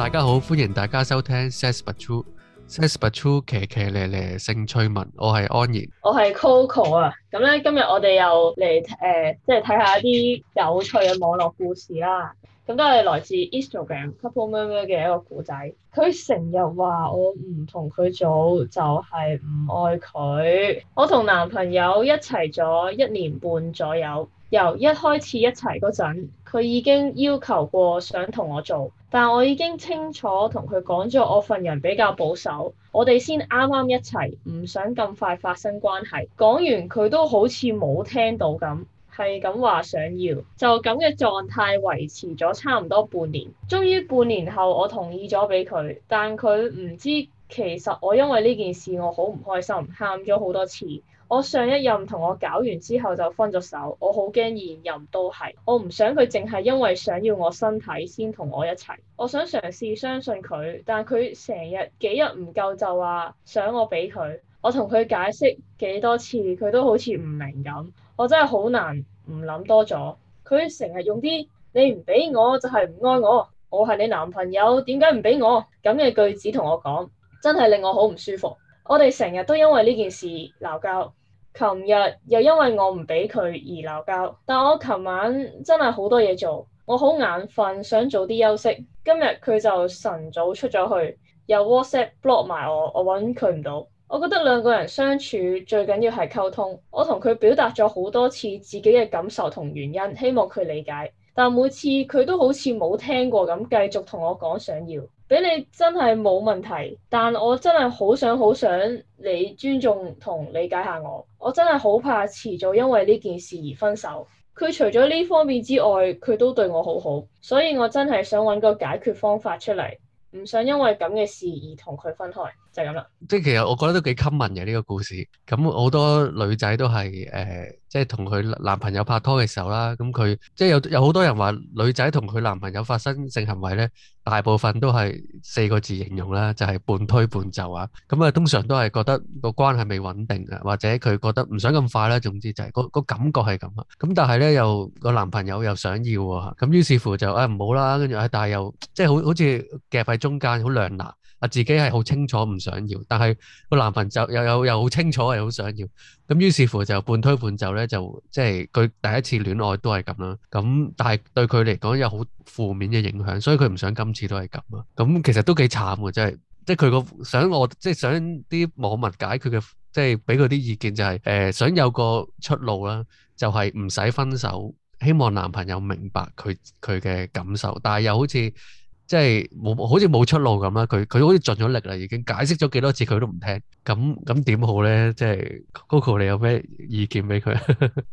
大家好，歡迎大家收聽 Sex Patrol，Sex Patrol 騎騎咧咧性趣聞，我係安然，我係 Coco 啊，咁咧今日我哋又嚟，誒、呃，即係睇下一啲有趣嘅網絡故事啦。咁都係來自 Instagram couple 喵喵嘅一個古仔，佢成日話我唔同佢做就係、是、唔愛佢。我同男朋友一齊咗一年半左右，由一開始一齊嗰陣。佢已經要求過想同我做，但我已經清楚同佢講咗我份人比較保守，我哋先啱啱一齊，唔想咁快發生關係。講完佢都好似冇聽到咁，係咁話想要，就咁嘅狀態維持咗差唔多半年。終於半年後我同意咗俾佢，但佢唔知其實我因為呢件事我好唔開心，喊咗好多次。我上一任同我搞完之後就分咗手，我好驚現任都係，我唔想佢淨係因為想要我身體先同我一齊。我想嘗試相信佢，但係佢成日幾日唔夠就話想我俾佢。我同佢解釋幾多次，佢都好似唔明咁。我真係好難，唔諗多咗。佢成日用啲你唔俾我就係唔愛我，我係你男朋友，點解唔俾我咁嘅句子同我講，真係令我好唔舒服。我哋成日都因為呢件事鬧交。琴日又因為我唔俾佢而鬧交，但我琴晚真係好多嘢做，我好眼瞓，想早啲休息。今日佢就晨早出咗去，又 WhatsApp block 埋我，我揾佢唔到。我覺得兩個人相處最緊要係溝通，我同佢表達咗好多次自己嘅感受同原因，希望佢理解，但每次佢都好似冇聽過咁，繼續同我講想要。俾你真係冇問題，但我真係好想好想你尊重同理解下我。我真係好怕遲早因為呢件事而分手。佢除咗呢方面之外，佢都對我好好，所以我真係想搵個解決方法出嚟，唔想因為咁嘅事而同佢分開。即係咁啦，即係其實我覺得都幾吸引嘅呢個故事。咁好多女仔都係誒，即係同佢男朋友拍拖嘅時候啦。咁佢即係有有好多人話女仔同佢男朋友發生性行為咧，大部分都係四個字形容啦，就係半推半就啊。咁啊，通常都係覺得個關係未穩定啊，或者佢覺得唔想咁快啦。總之就係個個感覺係咁啊。咁但係咧，又個男朋友又想要喎，啊。咁於是乎就誒唔好啦，跟住誒，但係又即係好好似夾喺中間，好兩難。啊，自己係好清楚唔想要，但係個男朋友又又又好清楚係好想要，咁於是乎就半推半就咧，就即係佢第一次戀愛都係咁啦。咁但係對佢嚟講有好負面嘅影響，所以佢唔想今次都係咁啊。咁其實都幾慘㗎，真係，即係佢個想我即係想啲網民解決嘅，即係畀佢啲意見就係誒想有個出路啦，就係唔使分手，希望男朋友明白佢佢嘅感受，但係又好似。即係冇，好似冇出路咁啦。佢佢好似盡咗力啦，已經解釋咗幾多次，佢都唔聽。咁咁點好咧？即係 Coco，你有咩意見俾佢？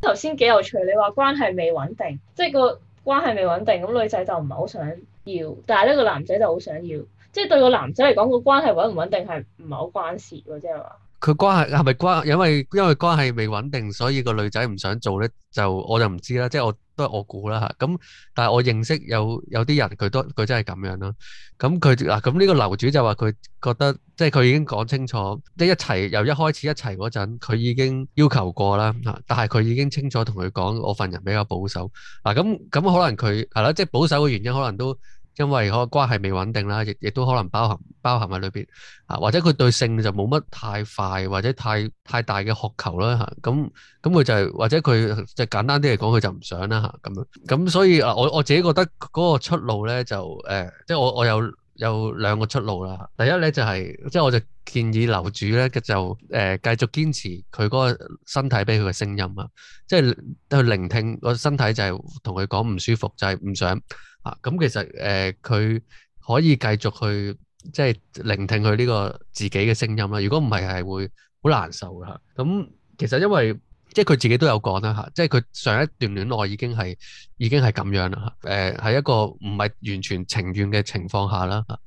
頭先幾有趣，你話關係未穩定，即係個關係未穩定，咁女仔就唔係好想要，但係呢個男仔就好想要。即係對個男仔嚟講，個關係穩唔穩定係唔係好關事喎？即係話佢關係係咪關？因為因為關係未穩定，所以個女仔唔想做咧。就我就唔知啦。即係我。都係我估啦嚇，咁但係我認識有有啲人佢都佢真係咁樣啦。咁佢嗱，咁呢個樓主就話佢覺得即係佢已經講清楚，即係一齊由一開始一齊嗰陣，佢已經要求過啦嚇，但係佢已經清楚同佢講我份人比較保守嗱，咁咁可能佢係啦，即係保守嘅原因可能都。因為嗰個可能關係未穩定啦，亦亦都可能包含包含喺裏邊啊，或者佢對性就冇乜太快或者太太大嘅渴求啦嚇，咁咁佢就係或者佢就係簡單啲嚟講，佢就唔想啦嚇咁樣，咁 ing 所以啊，我我自己覺得嗰個出路咧就誒，即係我我有有兩個出路啦。第一咧就係即係我就建議樓主咧就誒繼、呃、續堅持佢嗰個身體俾佢嘅聲音啊，即係去聆聽個身體就係同佢講唔舒服就係、是、唔想。咁、啊、其實誒，佢、呃、可以繼續去即係聆聽佢呢個自己嘅聲音啦。如果唔係，係會好難受㗎吓。咁、啊、其實因為即係佢自己都有講啦吓，即係佢上一段戀愛已經係已經係咁樣啦吓。誒、啊，係一個唔係完全情願嘅情況下啦吓、啊，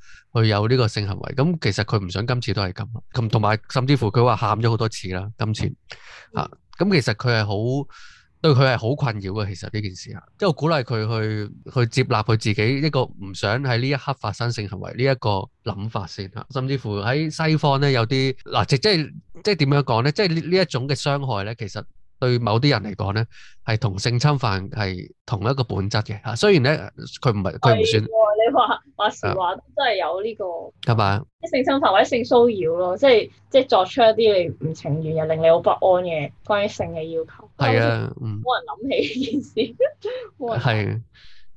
去有呢個性行為。咁、啊、其實佢唔想今次都係咁，同同埋甚至乎佢話喊咗好多次啦今次吓。咁、啊啊、其實佢係好。對佢係好困擾嘅，其實呢件事啊，即係我鼓勵佢去去接納佢自己一個唔想喺呢一刻發生性行為呢一個諗法先。甚至乎喺西方呢，有啲嗱，即係即係點樣講呢？即係呢一種嘅傷害呢，其實。對某啲人嚟講咧，係同性侵犯係同一個本質嘅吓。雖然咧，佢唔係佢唔算。啊，你話話實話都真係有呢個。係咪吧？即性侵犯或者性騷擾咯，即係即係作出一啲你唔情願又令你好不安嘅關於性嘅要求。係啊，冇人諗起呢件事。係，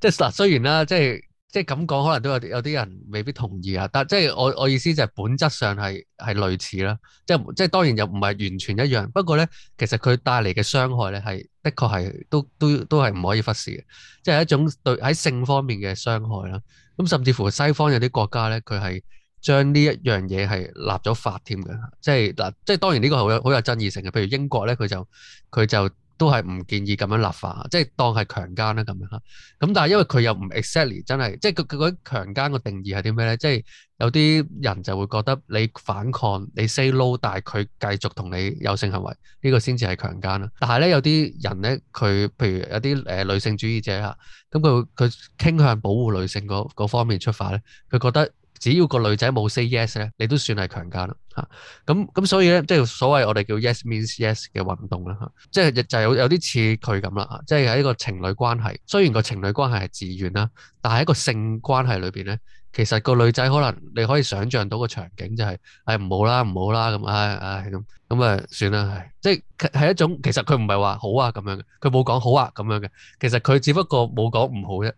即嗱雖然啦，即係。即係咁講，可能都有有啲人未必同意啊。但係即係我我意思就係，本質上係係類似啦。即係即係當然又唔係完全一樣。不過咧，其實佢帶嚟嘅傷害咧，係的確係都都都係唔可以忽視嘅。即係一種對喺性方面嘅傷害啦。咁甚至乎西方有啲國家咧，佢係將呢一樣嘢係立咗法添嘅。即係嗱，即係當然呢個好有好有爭議性嘅。譬如英國咧，佢就佢就。都係唔建議咁樣立法，即係當係強姦咧咁樣嚇。咁但係因為佢又唔 exactly 真係，即係佢佢嗰啲強姦嘅定義係啲咩咧？即係有啲人就會覺得你反抗你 say no，但係佢繼續同你有性行為，呢、這個先至係強姦啦。但係咧有啲人咧，佢譬如有啲誒女性主義者啊，咁佢佢傾向保護女性嗰方面出發咧，佢覺得。只要個女仔冇 say yes 咧，你都算係強姦啦嚇。咁、啊、咁所以咧，即係所謂我哋叫 yes means yes 嘅運動啦嚇、啊，即係就有有啲似佢咁啦。即係喺一個情侶關係，雖然個情侶關係係自願啦，但係喺個性關係裏邊咧，其實個女仔可能你可以想像到個場景就係、是，誒、哎、唔好啦唔好啦咁，唉唉咁咁啊算啦，係、哎、即係係一種其實佢唔係話好啊咁樣嘅，佢冇講好啊咁樣嘅，其實佢、啊啊、只不過冇講唔好啫。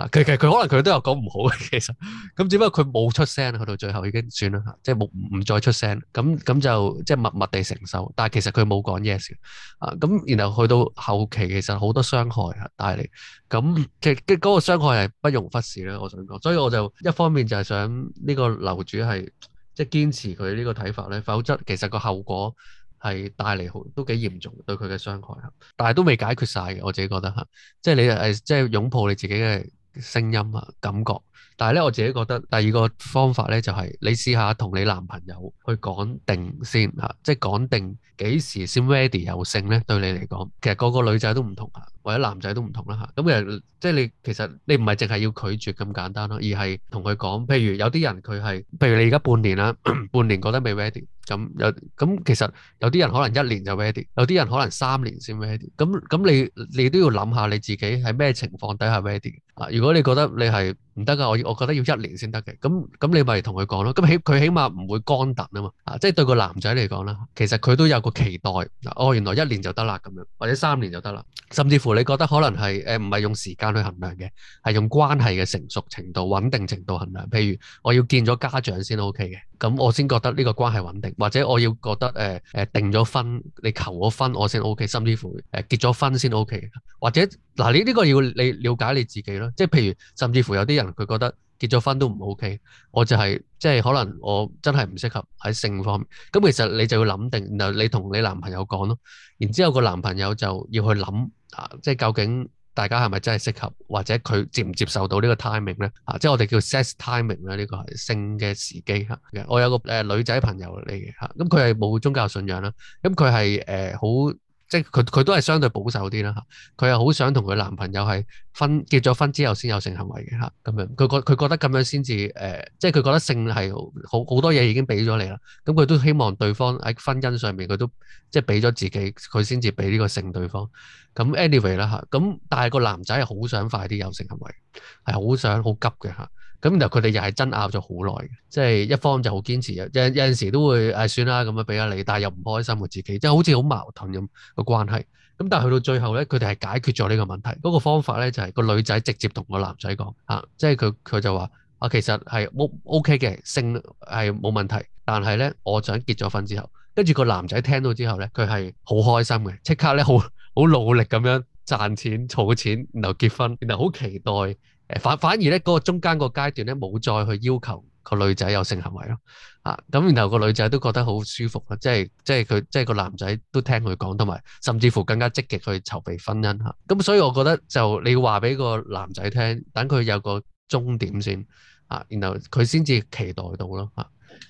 啊，其實佢可能佢都有講唔好嘅，其實咁只不過佢冇出聲，去到最後已經算啦嚇，即係冇唔再出聲，咁咁就即係默默地承受。但係其實佢冇講 yes 嘅，啊咁然後去到後期其實好多傷害啊帶嚟，咁其實嘅嗰個傷害係不容忽視啦。我想講，所以我就一方面就係想呢個樓主係即係堅持佢呢個睇法咧，否則其實個後果係帶嚟好都幾嚴重對佢嘅傷害，但係都未解決晒嘅。我自己覺得嚇，啊，即係你係即係擁抱你自己嘅。聲音啊，感覺，但係咧，我自己覺得第二個方法咧就係你試下同你男朋友去講定先啊，即係講定幾時先 ready 有性咧。對你嚟講，其實個個女仔都唔同啊，或者男仔都唔同啦吓。咁其實即係你其實你唔係淨係要拒絕咁簡單咯，而係同佢講。譬如有啲人佢係，譬如你而家半年啦，半年覺得未 ready 咁又咁，其實有啲人可能一年就 ready，有啲人可能三年先 ready。咁咁你你都要諗下你自己喺咩情況底下 ready。嗱，如果你覺得你係唔得㗎，我我覺得要一年先得嘅，咁咁你咪同佢講咯。咁起佢起碼唔會乾突啊嘛。啊，即係對個男仔嚟講啦，其實佢都有個期待。哦，原來一年就得啦，咁樣或者三年就得啦，甚至乎你覺得可能係誒唔係用時間去衡量嘅，係用關係嘅成熟程度、穩定程度衡量。譬如我要見咗家長先 OK 嘅。咁我先覺得呢個關係穩定，或者我要覺得誒誒、呃、定咗婚，你求咗婚我先 O K，甚至乎誒結咗婚先 O K，或者嗱、呃、你呢、呢個要你了解你自己咯，即係譬如甚至乎有啲人佢覺得結咗婚都唔 O K，我就係、是、即係可能我真係唔適合喺性方面，咁其實你就要諗定，然後你同你男朋友講咯，然之後個男朋友就要去諗啊，即係究竟。大家係咪真係適合，或者佢接唔接受到呢個 timing 咧？嚇、啊，即係我哋叫 sex timing 啦，呢個係性嘅時機嚇、啊。我有個誒、呃、女仔朋友嚟嘅嚇，咁佢係冇宗教信仰啦，咁佢係誒好。即係佢佢都係相對保守啲啦嚇，佢又好想同佢男朋友係婚結咗婚之後先有性行為嘅嚇，咁樣佢覺佢覺得咁樣先至誒，即係佢覺得性係好好好多嘢已經俾咗你啦，咁佢都希望對方喺婚姻上面佢都即係俾咗自己，佢先至俾呢個性對方。咁 anyway 啦、啊、嚇，咁但係個男仔係好想快啲有性行為，係好想好急嘅嚇。啊。咁然後佢哋又係爭拗咗好耐，即係一方就好堅持，有有陣時都會誒、哎、算啦咁樣俾啊你，但係又唔開心我自己，即係好似好矛盾咁個關係。咁但係去到最後咧，佢哋係解決咗呢個問題。嗰、那個方法咧就係、是、個女仔直接同個男仔講吓，即係佢佢就話啊其實係 OK 嘅，性係冇問題，但係咧我想結咗婚之後，跟住個男仔聽到之後咧，佢係好開心嘅，即刻咧好好努力咁樣賺錢儲錢，然後結婚，然後好期待。誒反反而咧，嗰、那個中間個階段咧，冇再去要求個女仔有性行為咯，啊咁，然後個女仔都覺得好舒服啊，即係即係佢即係個男仔都聽佢講，同埋甚至乎更加積極去籌備婚姻嚇，咁、啊、所以我覺得就你要話俾個男仔聽，等佢有個終點先啊，然後佢先至期待到咯啊。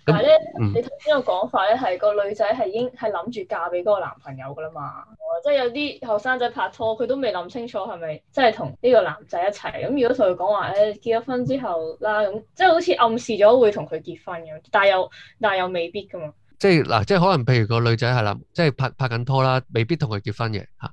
但係咧，嗯、你頭先個講法咧係個女仔係已經係諗住嫁俾嗰個男朋友㗎啦嘛，即係有啲後生仔拍拖，佢都未諗清楚係咪真係同呢個男仔一齊，咁如果同佢講話，誒結咗婚之後啦，咁即係好似暗示咗會同佢結婚咁，但係又但係又未必㗎嘛。即係嗱，即係可能譬如個女仔係啦，即係拍拍緊拖啦，未必同佢結婚嘅吓。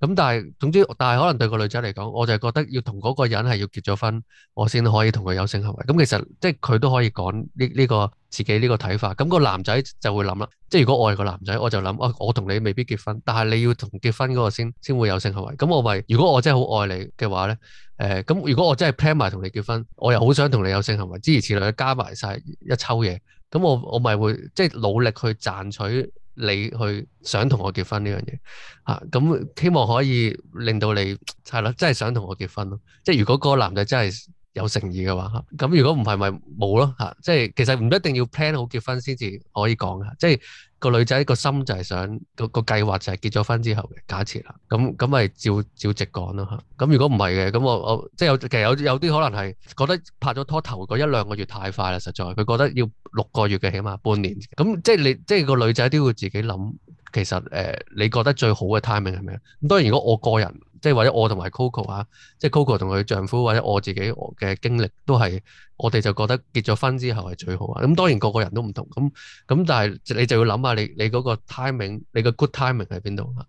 咁、啊、但係總之，但係可能對個女仔嚟講，我就係覺得要同嗰個人係要結咗婚，我先可以同佢有性行為。咁、嗯、其實即係佢都可以講呢呢個自己呢個睇法。咁、嗯個男仔就會諗啦，即係如果我係個男仔，我就諗啊，我同你未必結婚，但係你要同結婚嗰個先先會有性行為。咁、嗯、我咪如果我真係好愛你嘅話咧，誒、呃、咁如果我真係 plan 埋同你結婚，我又好想同你有性行為，諸如此類加埋晒一抽嘢。咁我我咪會即係、就是、努力去賺取你去想同我結婚呢樣嘢嚇，咁、啊嗯、希望可以令到你係啦，真係想同我結婚咯、啊。即係如果個男仔真係有誠意嘅話嚇，咁、啊嗯、如果唔係咪冇咯嚇？即係其實唔一定要 plan 好結婚先至可以講㗎、啊，即係。個女仔個心就係想個個計劃就係結咗婚之後嘅假設啦，咁咁咪照照直講咯嚇。咁如果唔係嘅，咁我我即係有其實有啲可能係覺得拍咗拖頭嗰一兩個月太快啦，實在佢覺得要六個月嘅起碼半年。咁即係你即係個女仔都要自己諗，其實誒、呃、你覺得最好嘅 timing 係咩？咁當然如果我個人。即係或者我同埋 Coco 啊，即係 Coco 同佢丈夫或者我自己嘅經歷都係，我哋就覺得結咗婚之後係最好啊。咁當然個個人都唔同，咁咁但係你就要諗下你你嗰個 timing，你個 good timing 喺邊度啊？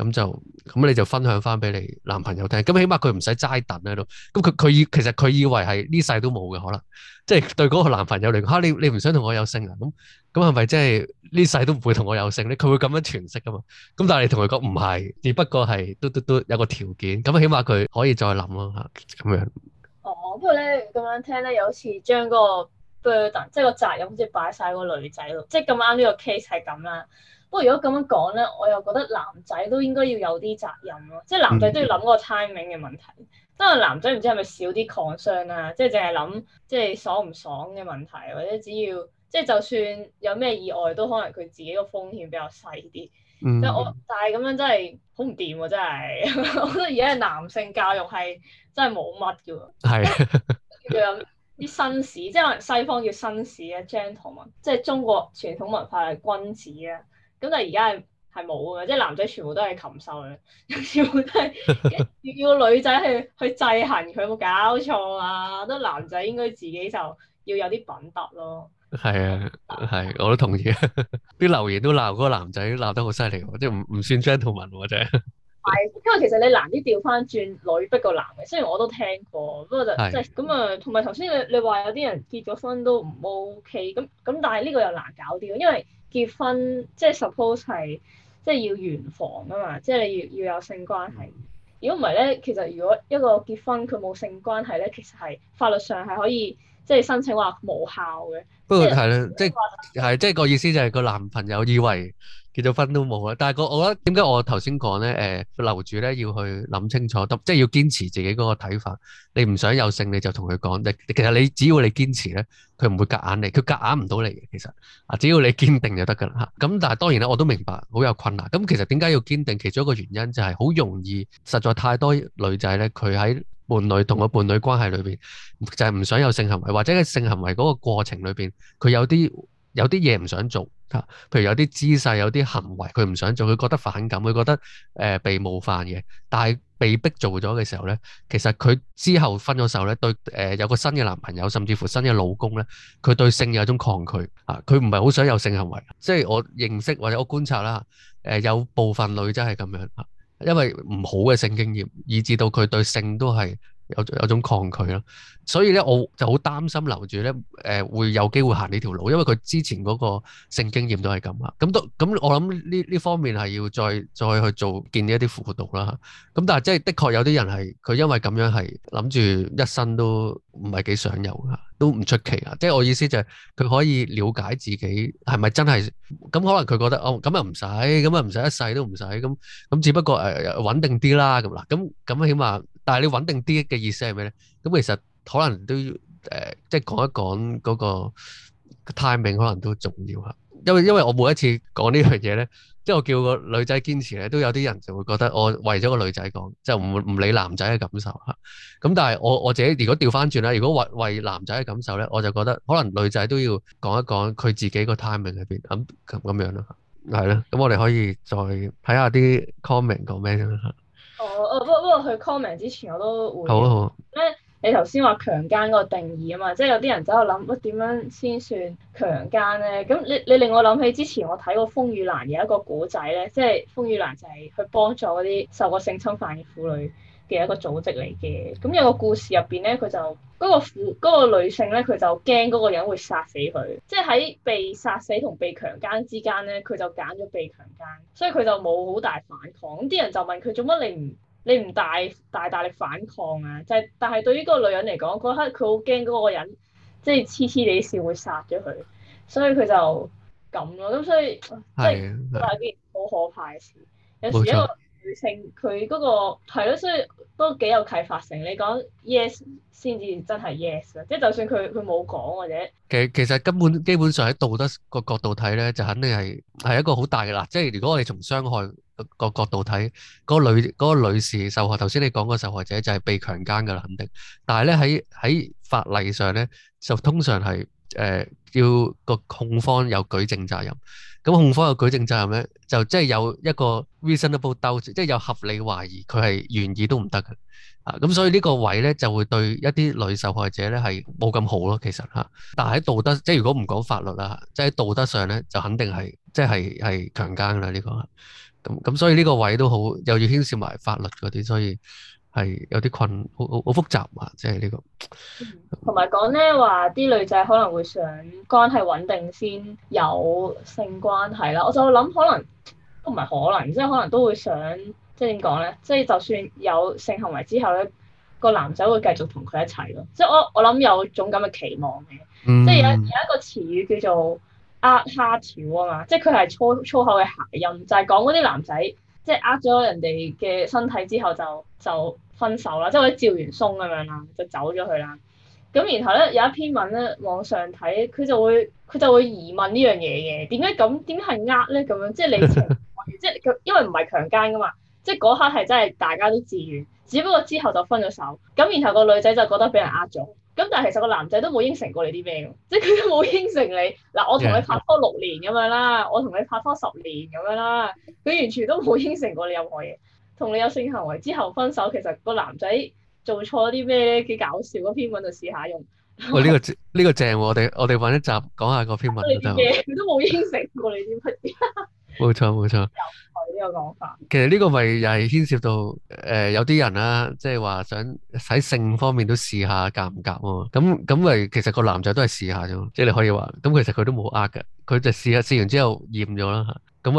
咁就咁，你就分享翻俾你男朋友聽，咁起碼佢唔使齋等喺度。咁佢佢以其實佢以為係呢世都冇嘅可能，即係、就是、對嗰個男朋友嚟講，吓、啊、你你唔想同我有性啊？咁咁係咪即係呢世都唔會同我有性咧？佢會咁樣詮釋噶嘛？咁但係你同佢講唔係，只不過係都都都，都有個條件。咁起碼佢可以再諗咯吓，咁樣。哦，不過咧咁樣聽咧，有次將嗰、那個 burden，即係個責任，即係擺晒個女仔度，即係咁啱呢個 case 係咁啦。不過如果咁樣講咧，我又覺得男仔都應該要有啲責任咯、啊，即係男仔都要諗個 timing 嘅問題。因為、嗯、男仔唔知係咪少啲抗傷啊，即係淨係諗即係爽唔爽嘅問題，或者只要即係就算有咩意外，都可能佢自己個風險比較細啲。即係、嗯、我，但係咁樣真係好唔掂喎！真係， 我覺得而家男性教育係真係冇乜嘅喎。係是。啲紳 士，即可能西方叫紳士啊，gentleman，即係中國傳統文化係君子啊。咁但係而家係係冇嘅，即係男仔全部都係禽獸嘅，全部都係要要女仔去去制衡佢，有冇 搞錯啊？得男仔應該自己就要有啲品德咯。係啊，係但、啊，我都同意。啲 留言都鬧嗰個男仔鬧得好犀利，即係唔唔算 gentleman 喎真係。係，因為其實你難啲調翻轉女逼個男嘅，雖然我都聽過，不過就即係咁啊。同埋頭先你你話有啲人結咗婚都唔 OK，咁咁但係呢個又難搞啲因為。結婚即係 suppose 係即係要圓房啊嘛，即係要要有性關係。如果唔係咧，其實如果一個結婚佢冇性關係咧，其實係法律上係可以即係申請話無效嘅。不過係咧，即係係即係個意思就係、是、個男朋友以為。結咗婚都冇啦，但係我覺得點解我頭先講咧？誒、呃，樓主咧要去諗清楚，即係要堅持自己嗰個睇法。你唔想有性，你就同佢講。你其實你只要你堅持咧，佢唔會夾硬你，佢夾硬唔到你嘅。其實啊，只要你堅定就得噶啦。吓，咁但係當然咧，我都明白好有困難。咁其實點解要堅定？其中一個原因就係好容易，實在太多女仔咧，佢喺伴侶同個伴侶關係裏邊，就係、是、唔想有性行為，或者喺性行為嗰個過程裏邊，佢有啲。有啲嘢唔想做嚇，譬如有啲姿勢、有啲行為，佢唔想做，佢覺得反感，佢覺得誒、呃、被冒犯嘅。但係被逼做咗嘅時候咧，其實佢之後分咗手咧，對誒、呃、有個新嘅男朋友，甚至乎新嘅老公咧，佢對性有一種抗拒啊，佢唔係好想有性行為。即係我認識或者我觀察啦，誒、呃、有部分女仔係咁樣嚇、啊，因為唔好嘅性經驗，以至到佢對性都係。有有種抗拒咯，所以咧我就好擔心留住咧，誒、呃、會有機會行呢條路，因為佢之前嗰個性經驗都係咁啊。咁都咁，我諗呢呢方面係要再再去做建一啲輔導啦。咁但係即係的確有啲人係佢因為咁樣係諗住一生都唔係幾想有噶，都唔出奇啊。即係我意思就係、是、佢可以了解自己係咪真係咁？可能佢覺得哦，咁啊唔使，咁啊唔使一世都唔使咁。咁只不過誒穩定啲啦咁啦。咁咁起碼。但係你穩定啲嘅意思係咩咧？咁其實可能都要誒、呃，即係講一講嗰個 timing 可能都重要嚇。因為因為我每一次講呢樣嘢咧，即係我叫個女仔堅持咧，都有啲人就會覺得我為咗個女仔講，就唔唔理男仔嘅感受嚇。咁但係我我自己，如果調翻轉咧，如果為為男仔嘅感受咧，我就覺得可能女仔都要講一講佢自己個 timing 喺邊咁咁樣咯。係啦，咁我哋可以再睇下啲 comment 講咩先嚇。哦哦，不過不過，去 comment 之前我都會咧。你頭先話強姦個定義啊嘛，即係有啲人走去諗，乜、啊、點樣先算強姦咧？咁你你令我諗起之前我睇過風雨蘭有一個古仔咧，即係風雨蘭就係、是、去幫助嗰啲受過性侵犯嘅婦女。嘅一個組織嚟嘅，咁有個故事入邊咧，佢就嗰、嗰個父、嗰個、女性咧，佢就驚嗰個人會殺死佢，即係喺被殺死同被強姦之間咧，佢就揀咗被強姦，所以佢就冇好大反抗。啲人就問佢做乜你唔你唔大大大力反抗啊？就係、但係對於嗰個女人嚟講，嗰刻佢好驚嗰個人即係黐黐哋事會殺咗佢，所以佢就咁咯。咁所以即係係一件好可怕嘅事。冇錯。佢稱佢嗰個係咯，所以都幾有啟發性。你講 yes 先至真係 yes 啦，即係就算佢佢冇講或者，其其實根本基本上喺道德個角度睇咧，就肯定係係一個好大嘅啦。即係如果我哋從傷害個角度睇，嗰女嗰女士受害，頭先你講個受害者就係被強姦㗎啦，肯定。但係咧喺喺法例上咧，就通常係誒要個控方有舉證責任。咁控方嘅舉證責任咧，就即係有一個 reasonable doubt 即係有合理懷疑佢係願意都唔得嘅啊！咁所以呢個位咧就會對一啲女受害者咧係冇咁好咯，其實嚇、啊。但係喺道德，即係如果唔講法律啊，即係喺道德上咧，就肯定係即係係強姦啦呢、呢個。咁、啊、咁所以呢個位都好，又要牽涉埋法律嗰啲，所以。係有啲困，好好好複雜啊！即係呢個，同埋講咧話啲女仔可能會想關係穩定先有性關係啦。我就會諗可能都唔係可能，即係可能都會想，即係點講咧？即係就算有性行為之後咧，個男仔會繼續同佢一齊咯。即係我我諗有種咁嘅期望嘅，嗯、即係有有一個詞語叫做呃蝦條嘛，即係佢係粗粗口嘅諧音，就係講嗰啲男仔。即係呃咗人哋嘅身體之後就就分手啦，即係好似趙元松咁樣啦，就走咗去啦。咁然後咧有一篇文咧往上睇，佢就會佢就會疑問樣呢樣嘢嘅，點解咁點解係呃咧，咁樣？即係你情即係佢， 因為唔係強姦噶嘛，即係嗰刻係真係大家都自願，只不過之後就分咗手。咁然後個女仔就覺得俾人呃咗。咁但係其實個男仔都冇應承過你啲咩，即係佢都冇應承你。嗱，我同你拍拖六年咁樣啦，Yeah. 我同你拍拖十年咁樣啦，佢完全都冇應承過你任何嘢。同你有性行為之後分手，其實個男仔做錯啲咩咧？幾搞笑，嗰篇文就試下用。喂、哦，呢、這個正呢、呢個正喎，我哋我哋揾一集講下嗰篇文。 都冇應承過你啲乜嘢。冇錯冇錯。法，其實呢個咪又係牽涉到誒、呃，有啲人啦、啊，即係話想喺性方面都試下夾唔夾啊？咁咁咪其實個男仔都係試下啫，即係你可以話咁，其實佢都冇呃嘅，佢就試下試完之後厭咗啦吓，咁咪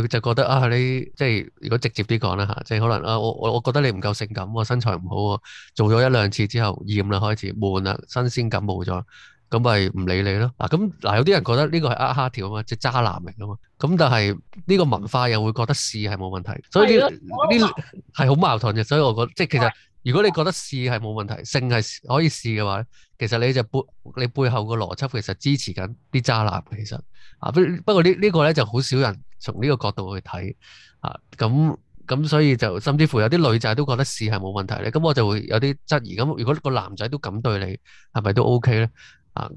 佢就覺得啊，你即係如果直接啲講啦吓，即係可能啊，我我我覺得你唔夠性感喎，身材唔好喎，做咗一兩次之後厭啦，驗開始悶啦，新鮮感冇咗。咁咪唔理你咯嗱，咁嗱有啲人覺得呢個係呃蝦條啊嘛，即係渣男嚟噶嘛，咁但係呢個文化又會覺得試係冇問題，所以呢呢係好矛盾嘅，所以我覺得即係其實如果你覺得試係冇問題，性係可以試嘅話咧，其實你就背你背後個邏輯其實支持緊啲渣男其實啊，不不過個呢呢個咧就好少人從呢個角度去睇啊，咁咁所以就甚至乎有啲女仔都覺得試係冇問題咧，咁我就會有啲質疑咁，如果個男仔都咁對你，係咪都 OK 咧？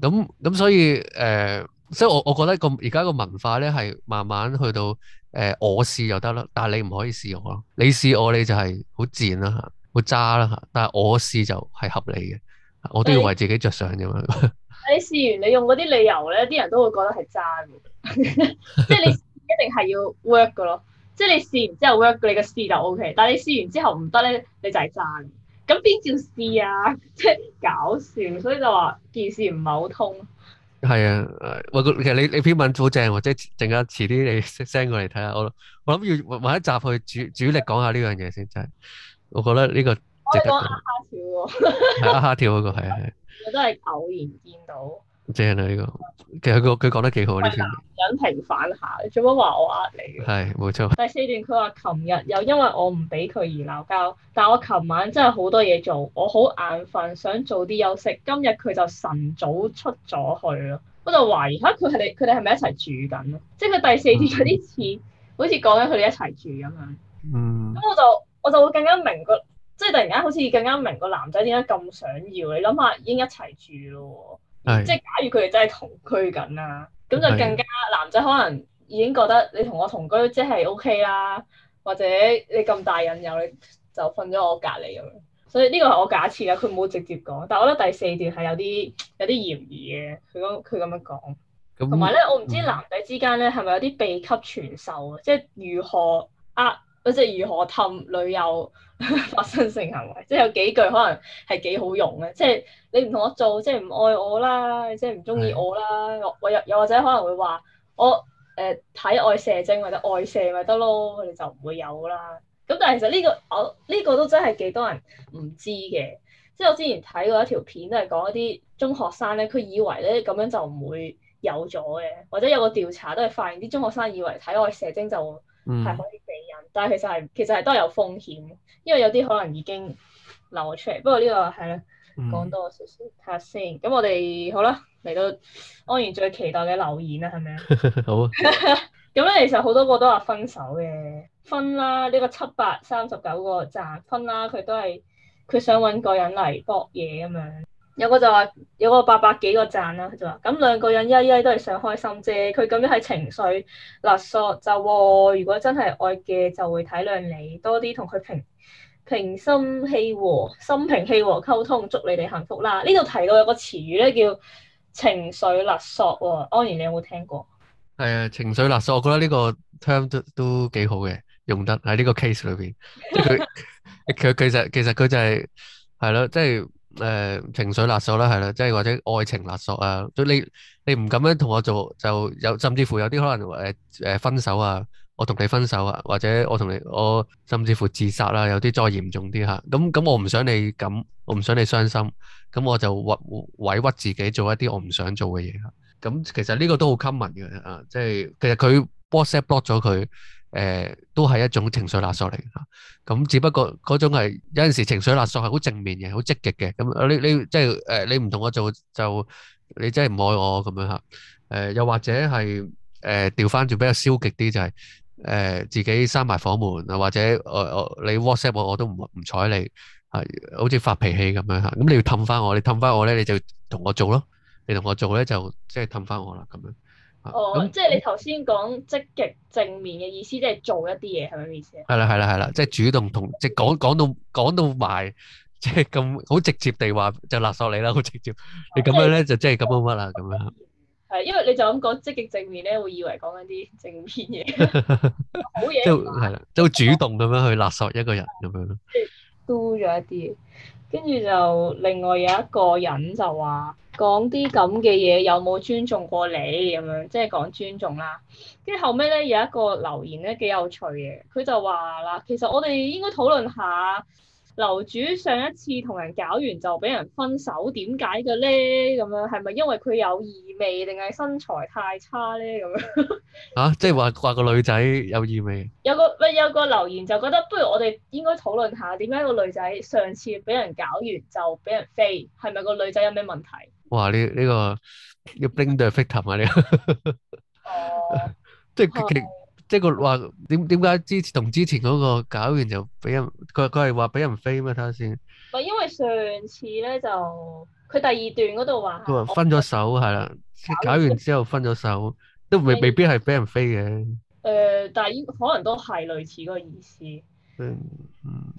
咁咁、嗯嗯、所以誒、呃，所以我我覺得個而家個文化咧係慢慢去到誒、呃，我試就得啦，但係你唔可以試我咯，你試我你就係好賤啦嚇，好渣啦嚇，但係我試就係合理嘅，我都要為自己着想咁樣。欸、 你試完你用嗰啲理由咧，啲人都會覺得係渣嘅，即 係你一定係要 work 嘅咯，即係 你試完之後 work 你嘅試就 OK，但係你試完之後唔得咧，你就係渣。咁邊件事啊？即係搞笑，所以就話件事唔係好通。係啊，我其實你你篇文好正，或者係陣間遲啲你 send 過嚟睇下，我我諗要揾一集去主主力講下呢樣嘢先，真係我覺得呢個值得。我講阿嚇跳喎，係阿嚇跳嗰、嗰個係係。我都係偶然見到。正啊！呢個其實佢佢講得幾好呢段。係男人平反下，做乜話我呃你？係冇錯。第四段佢話琴日又因為我唔俾佢而鬧交，但我琴晚真係好多嘢做，我好眼瞓，想早啲休息。今日佢就晨早出咗去咯，我就懷疑下佢係佢哋係咪一齊住緊咧？即係佢第四段有啲似，好似講緊佢哋一齊住咁樣。嗯。咁我就我就會更加明個，即係突然間好似更加明個男仔點解咁想要？你諗下已經一齊住咯。是即係假如佢哋真係同居緊啦，咁是就更加男仔可能已經覺得你同我同居即係 OK 啦，或者你咁大引誘你就瞓咗我隔離咁樣，所以呢個係我假設啦，佢冇直接講，但係我覺得第四段係有啲有啲嫌疑嘅，佢咁佢咁樣講，同埋咧我唔知男仔之間咧係咪有啲秘笈傳授啊、嗯，即係如何呃即係如何氹女友。 發生性行為，即係有幾句可能係幾好用嘅，即係你唔同我做，即係唔愛我啦，即係唔中意我啦。我我又又或者可能會話我誒體外射精或者外射咪得咯，佢哋、呃、就唔會有啦。咁但係其實呢、呢個我呢、呢個都真係幾多人唔知嘅，即係我之前睇過一條片都係講一啲中學生咧，佢以為咧咁樣就唔會有咗嘅，或者有個調查都係發現啲中學生以為體外射精就係可以、嗯。但係其實係其實係都係有風險，因為有啲可能已經流咗出嚟。不過呢、呢個係啦，講多少少睇下先。咁、嗯、我哋好啦，嚟到安然最期待嘅留言啦，係咪啊？ 好啊。咁咧 其實好多個都話分手嘅，分啦呢、呢個七百三十九個讚，分啦佢都係佢想搵個人嚟搏嘢咁樣。有個就話有個八百幾個讚啦，佢就話咁兩個人一一都係想開心啫。佢咁樣係情緒勒索就喎。如果真係愛嘅，就會體諒你多啲，同佢平平心氣和，心平氣和溝通。祝你哋幸福啦！呢度提到有個詞語咧叫情緒勒索喎。安然，你有冇聽過？係啊，情緒勒索，我覺得呢個 term 都都幾好嘅，用得喺呢個 case 裏邊。佢 其實其實佢就係係咯，即係。就是誒、呃，情緒勒索啦，係啦，即係或者愛情勒索啊。你你唔咁樣同我做，就有甚至乎有啲可能誒誒、呃呃、分手啊。我同你分手啊，或者我同你我甚至乎自殺啦、啊，有啲再嚴重啲吓。咁咁我唔想你咁，我唔想你傷心，咁我就屈委,委屈自己做一啲我唔想做嘅嘢吓。咁其實呢個都好 common 嘅啊，即係其實佢 WhatsApp block 咗佢。誒、呃，都係一種情緒勒索嚟吓，咁、啊、只不過嗰種係有陣時情緒勒索係好正面嘅，好積極嘅，咁你你即係誒，你唔同、啊、我做就你真係唔愛我咁樣吓，誒、啊，又或者係誒調翻轉比較消極啲就係、是、誒、啊、自己閂埋房門啊，或者誒誒你 WhatsApp 我我都唔唔睬你，係好似發脾氣咁樣吓，咁你要氹翻我，你氹翻我咧你、啊啊啊、你，你，你就同我做咯，你同我做咧就即係氹翻我啦咁樣。啊啊啊哦，即係你頭先講積極正面嘅意思，即係做一啲嘢，係咪意思啊？係啦，係啦，係啦，即係主動同即係講講到講到埋，即係咁好直接地話就勒索你啦，好直接。你咁樣咧就即係咁乜乜啦咁樣。係，因為你就咁講積極正面咧，會以為講緊啲正面嘢，好嘢。即係啦，即主動咁樣去勒索一個人咁樣咯。do 咗一啲，跟住就另外有一個人就話。講啲咁嘅嘢有冇尊重過你咁樣，即係講尊重啦。跟住後尾咧有一個留言咧幾有趣嘅，佢就話啦：其實我哋應該討論下樓主上一次同人搞完就俾人分手，點解嘅咧？咁樣係咪因為佢有異味定係身材太差咧？咁樣嚇，即係話話個女仔有異味。有個唔有個留言就覺得，不如我哋應該討論下點解個女仔上次俾人搞完就俾人飛，係咪個女仔有咩問題？哇！呢、這、呢個要、這個、blending effect 嘛？呢即係即係佢話點點解之同之前嗰個搞完就俾人佢佢係話俾人飛咩？睇下先。唔係因為上次咧就佢第二段嗰度話佢分咗手係啦，搞完之後分咗手都未、uh, 未必係俾人飛嘅。誒，uh, 但係可能都係類似嗰個意思。嗯。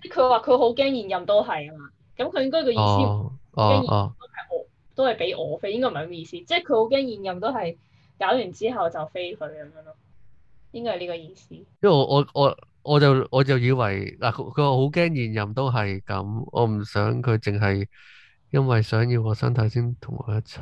即係佢話佢好驚現任都係啊嘛，咁佢應該個意思驚現、uh, uh, uh, 都係俾我飛，應該唔係咁意思，即係佢好驚現任都係搞完之後就飛佢咁樣咯，應該係呢個意思。因為我我我我就我就以為嗱，佢佢話好驚現任都係咁，我唔想佢淨係因為想要我身體先同我一齊。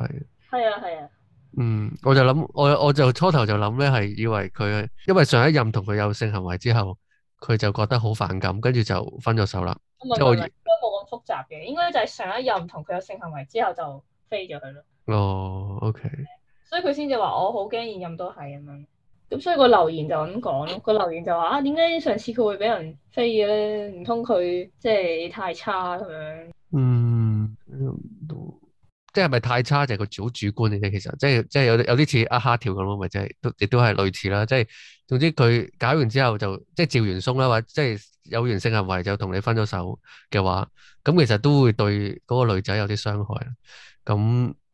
係啊係啊。啊嗯，我就諗我我就初頭就諗咧，係以為佢因為上一任同佢有性行為之後，佢就覺得好反感，跟住就分咗手啦。唔係唔係，嗯嗯、我應該冇咁複雜嘅，應該就係上一任同佢有性行為之後就。飛咗佢咯。哦 ，OK、嗯。所以佢先至話我好驚現任都係咁樣。咁所以個留言就咁講咯。個留言就話啊，點解上次佢會俾人飛嘅咧？唔通佢即係太差咁樣？嗯，即係咪太差就係個好主觀嘅啫。其實即係即係有有啲似阿蝦條咁咯，咪即係都亦都係類似啦。即係總之佢搞完之後就即係趙元松啦，或者即係有完性行為就同你分咗手嘅話，咁其實都會對嗰個女仔有啲傷害。咁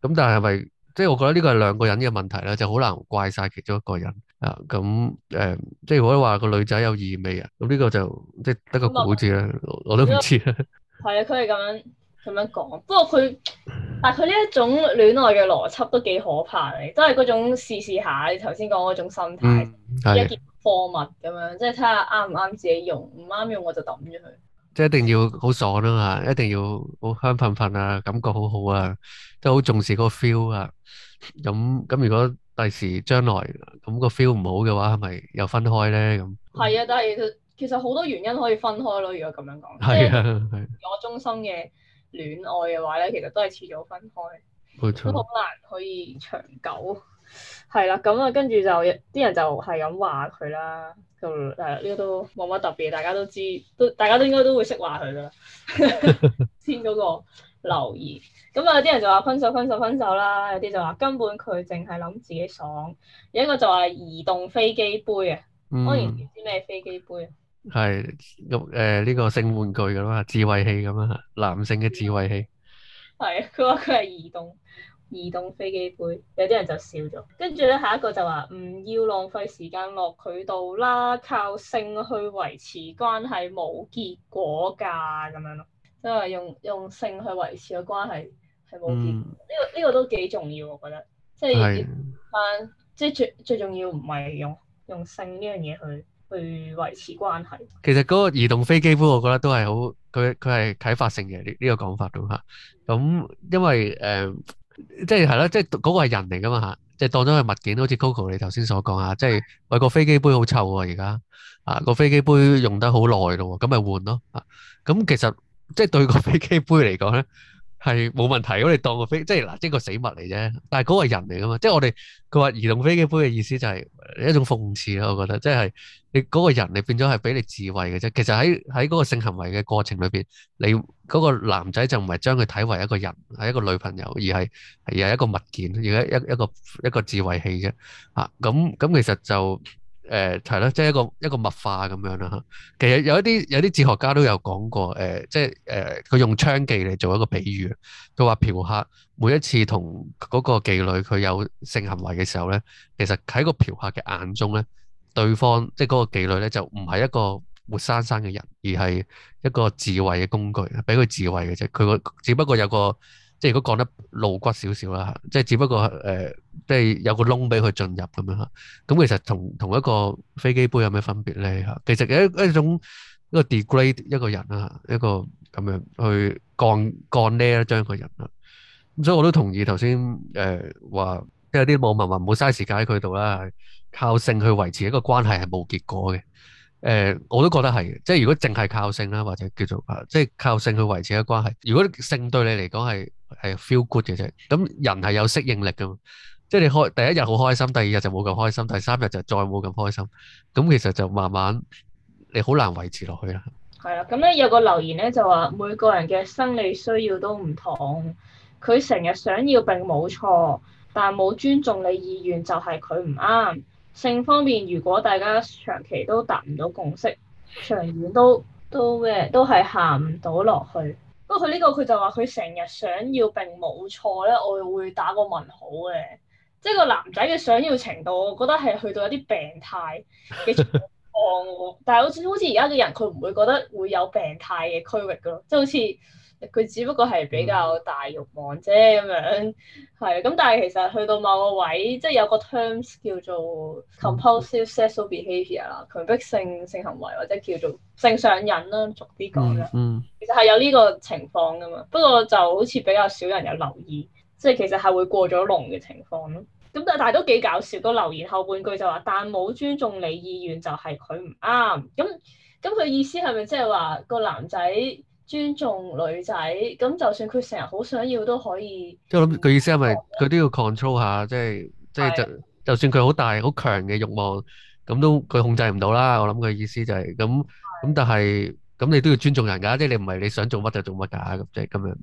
咁，但係係咪即係？我覺得呢個係兩個人嘅問題啦，就好難怪晒其中一個人啊。咁誒、呃，即係如果話個女仔有異味啊，咁呢個就即係得個估字是知啦，我都唔知啦。係啊，佢係咁樣咁樣講，不過佢但係佢呢一種戀愛嘅邏輯都幾可怕嘅，都係嗰種試試下。你頭先講嗰種心態，嗯、一件貨物咁樣，即係睇下啱唔啱自己用，唔啱用我就抌咗佢。即係一定要好爽啊嘛，一定要好香噴噴啊，感覺好好啊，都好重視個 feel 啊。咁咁如果第時將來咁個 feel 唔好嘅話，係咪又分開咧？咁係啊，但係其實好多原因可以分開咯。如果咁樣講，係啊係。是的我終生嘅戀愛嘅話咧，其實都係遲早分開，都好冇錯，難可以長久。係啦，咁啊，跟住就啲人就係咁話佢啦。就誒呢個都冇乜特別，大家都知，都大家都應該都會識話佢噶啦， 先嗰個留言。咁啊，有啲人就話分手分手分手啦，有啲就話根本佢淨係諗自己爽，有一個就話移動飛機杯啊，我完全唔知咩飛機杯。係咁誒，呢、呃呢個性玩具噶啦，自慰器咁啊，男性嘅自慰器。係啊、嗯，佢話佢係移動，移動飛機杯，有啲人就笑咗。跟住咧，下一個就話唔要浪費時間落佢度啦，靠性去維持關係冇結果噶咁樣咯，即係話用用性去維持個關係，嗯這個關係係冇結果，呢個呢個都幾重要，我覺得即係係是、嗯、即係最最重要唔係用用性呢樣嘢，去去維持關係。其實嗰個移動飛機杯，我覺得都係好，佢佢係啟發性嘅呢呢個講法咯吓咁，因為誒。呃即係係啦，即係嗰個係人嚟噶嘛，吓，即係當咗係物件，好似 Coco 你頭先所講啊，即係喂個飛機杯好臭啊，而家啊個飛機杯用得好耐咯，咁咪換咯啊，咁其實即係對個飛機杯嚟講咧。係冇問題，我你當個飛，即係嗱，即係個死物嚟啫。但係嗰個人嚟噶嘛，即係我哋佢話移動飛機杯嘅意思就係一種諷刺咯。我覺得即係你嗰個人，你變咗係俾你自慰嘅啫。其實喺喺嗰個性行為嘅過程裏邊，你嗰個男仔就唔係將佢睇為一個人，係一個女朋友，而係而係一個物件，而家一一個一個自慰器啫。啊，咁咁其實就。誒係咯，即係、呃就是、一個一個物化咁樣啦嚇。其實有一啲有啲哲學家都有講過，誒即係誒佢用娼妓嚟做一個比喻。佢話嫖客每一次同嗰個妓女佢有性行為嘅時候咧，其實喺個嫖客嘅眼中咧，對方即係嗰個妓女咧就唔係一個活生生嘅人，而係一個自慰嘅工具，俾佢自慰嘅啫。佢個只不過有個。即係如果講得露骨少少啦，即係只不過誒、呃，即係有個窿俾佢進入咁樣嚇。咁其實同同一個飛機杯有咩分別咧？其實一一種一個 degrade 一個人啦，一個咁樣去降降呢張個人啦。咁所以我都同意頭先誒話，即係啲網民話冇嘥時間喺佢度啦，靠性去維持一個關係係冇結果嘅。誒、呃，我都覺得係，即係如果淨係靠性啦，或者叫做啊，即係靠性去維持嘅關係。如果性對你嚟講係係 feel good 嘅啫，咁人係有適應力㗎嘛，即係你開第一日好開心，第二日就冇咁開心，第三日就再冇咁開心，咁其實就慢慢你好難維持落去啦。係啊，咁咧有個留言咧就話每個人嘅生理需要都唔同，佢成日想要並冇錯，但冇尊重你意願就係佢唔啱。性方面，如果大家長期都達唔到共識，長遠都都咩，都係行唔到落去。不過佢呢個佢就話佢成日想要並冇錯咧，我會打個問號嘅。即係個男仔嘅想要程度，我覺得係去到一啲病態嘅狀況 但係好似好似而家嘅人，佢唔會覺得會有病態嘅區域嘅咯，即係好似。佢只不過係比較大慾望啫，咁樣係咁，但係其實去到某個位，即係有個 terms 叫做 compulsive sexual behaviour 啦，強迫性性行為或者叫做性上癮啦，俗啲講啦，嗯嗯、其實係有呢個情況噶嘛。不過就好似比較少人有留意，即係其實係會過咗龍嘅情況咯。咁但係都幾搞笑，都留言後半句就話，但冇尊重你意願就係佢唔啱。咁咁佢意思係咪即係話個男仔？尊重女仔，咁就算佢成日好想要都可以。即係諗佢意思係咪佢都要 control 下，即係即係就的就算佢好大好強嘅慾望，咁都佢控制唔到啦。我諗佢意思就係咁咁，的但係咁你都要尊重人，噶即係你唔係你想做乜就做乜噶，咁即係咁樣。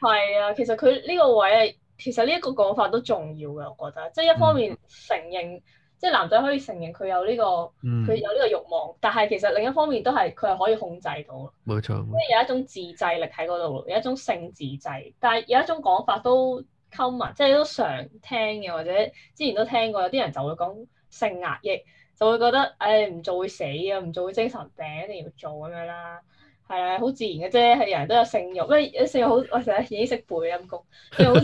係啊，其實佢呢個位係，其實呢一個講法都重要嘅，我覺得，即係一方面承認、嗯。即係男仔可以承認佢有呢、這個佢、嗯、有呢個慾望，但係其實另一方面都係佢係可以控制到，冇錯，即係有一種自制力喺嗰度，有一種性自制。但係有一種講法都溝埋，即係都常聽嘅，或者之前都聽過。有啲人就會講性壓抑，就會覺得誒，唔、哎、做會死啊，唔做會精神病，一定要做咁樣啦。係啊，好自然嘅啫，係人人都有性欲，咁啊性欲好，我成日已經識背陰功，即係好，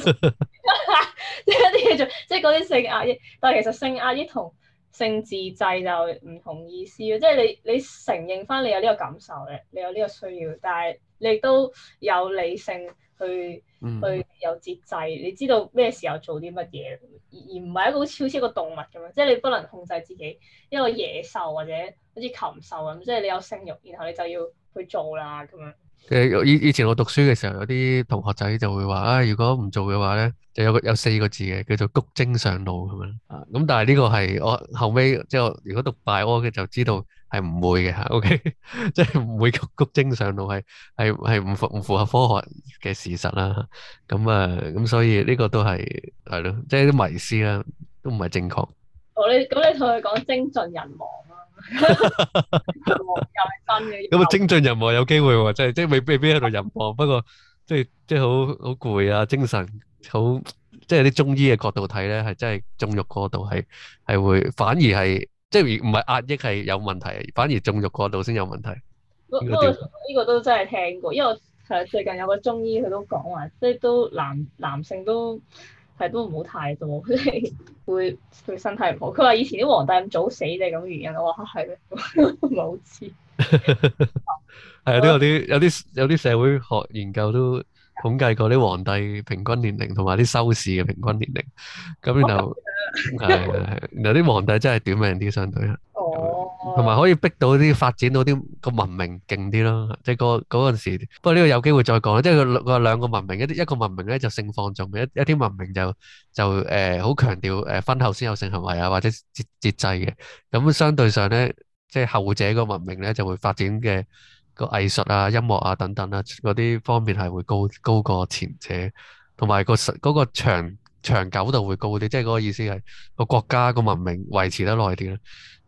即係啲嘢做，即係嗰啲性壓抑。但係其實性壓抑同性自制就唔同意思即係你你承認翻你有呢個感受嘅，你有呢個需要，但係你都有理性去去有節制，你知道咩時候做啲乜嘢，而唔係一個好似好似一個動物咁樣，即係你不能控制自己一個野獸或者好似禽獸咁，即係你有性欲，然後你就要。去做啦，咁樣。誒，以以前我讀書嘅時候，有啲同學仔就會話，啊、哎，如果唔做嘅話咧，就有個有四個字嘅，叫做谷精上腦咁樣，okay? 樣。啊，咁但係呢個係我後尾，即係如果讀 bio 嘅就知道係唔會嘅吓。O K，即係唔會谷谷精上腦係係係唔符唔符合科學嘅事實啦。咁啊，咁所以呢個都係係咯，即係啲迷思啦，都唔係正確。我你咁你同佢講精盡人亡。 又嘅咁啊， 精進人望有機會喎，即係即係未未必喺度入房，不過即係即係好好攰啊，精神好，即係啲中醫嘅角度睇咧，係真係縱慾過度係係會反而係即係唔唔係壓抑係有問題，反而縱慾過度先有問題。不過呢個都真係聽過，因為我係最近有個中醫佢都講話，即係都男男性都。但係都唔好太多，你會對身體唔好。佢話以前啲皇帝咁早死就係咁原因。我話係咩？唔 好知。係啊，都有啲有啲有啲社會學研究都統計過啲皇帝平均年齡同埋啲收視嘅平均年齡。咁然後係係， 然後啲皇帝真係短命啲相對啊。同埋可以逼到啲發展到啲個文明勁啲咯，即係嗰陣時。不過呢個有機會再講，即係佢佢兩個文明，一啲一個文明咧就性放縱嘅，一一啲文明就就誒好強調誒婚後先有性行為啊，或者節節制嘅。咁相對上咧，即係後者個文明咧就會發展嘅個藝術啊、音樂啊等等啦，嗰啲方面係會高高過前者，同埋個實嗰個長長久度會高啲。即係嗰個意思係個國家個文明維持得耐啲啦。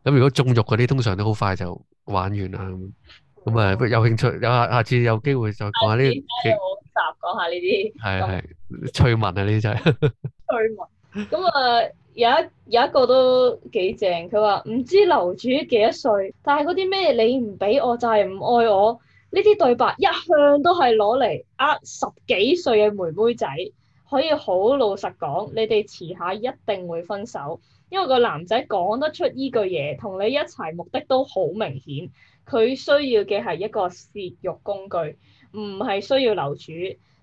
咁如果中肉嗰啲，通常都好快就玩完啦。咁啊、嗯，有興趣有下下次有機會再講下呢啲集，講下呢啲係係趣聞啊！呢啲就係趣聞。咁、嗯、啊、嗯，有一有一個都幾正，佢話唔知樓主幾多歲，但係嗰啲咩你唔俾我就係、是、唔愛我呢啲對白，一向都係攞嚟呃十幾歲嘅妹妹仔。可以好老實講，你哋遲下一定會分手。因為個男仔講得出依句嘢，同你一齊目的都好明顯，佢需要嘅係一個泄欲工具，唔係需要樓主。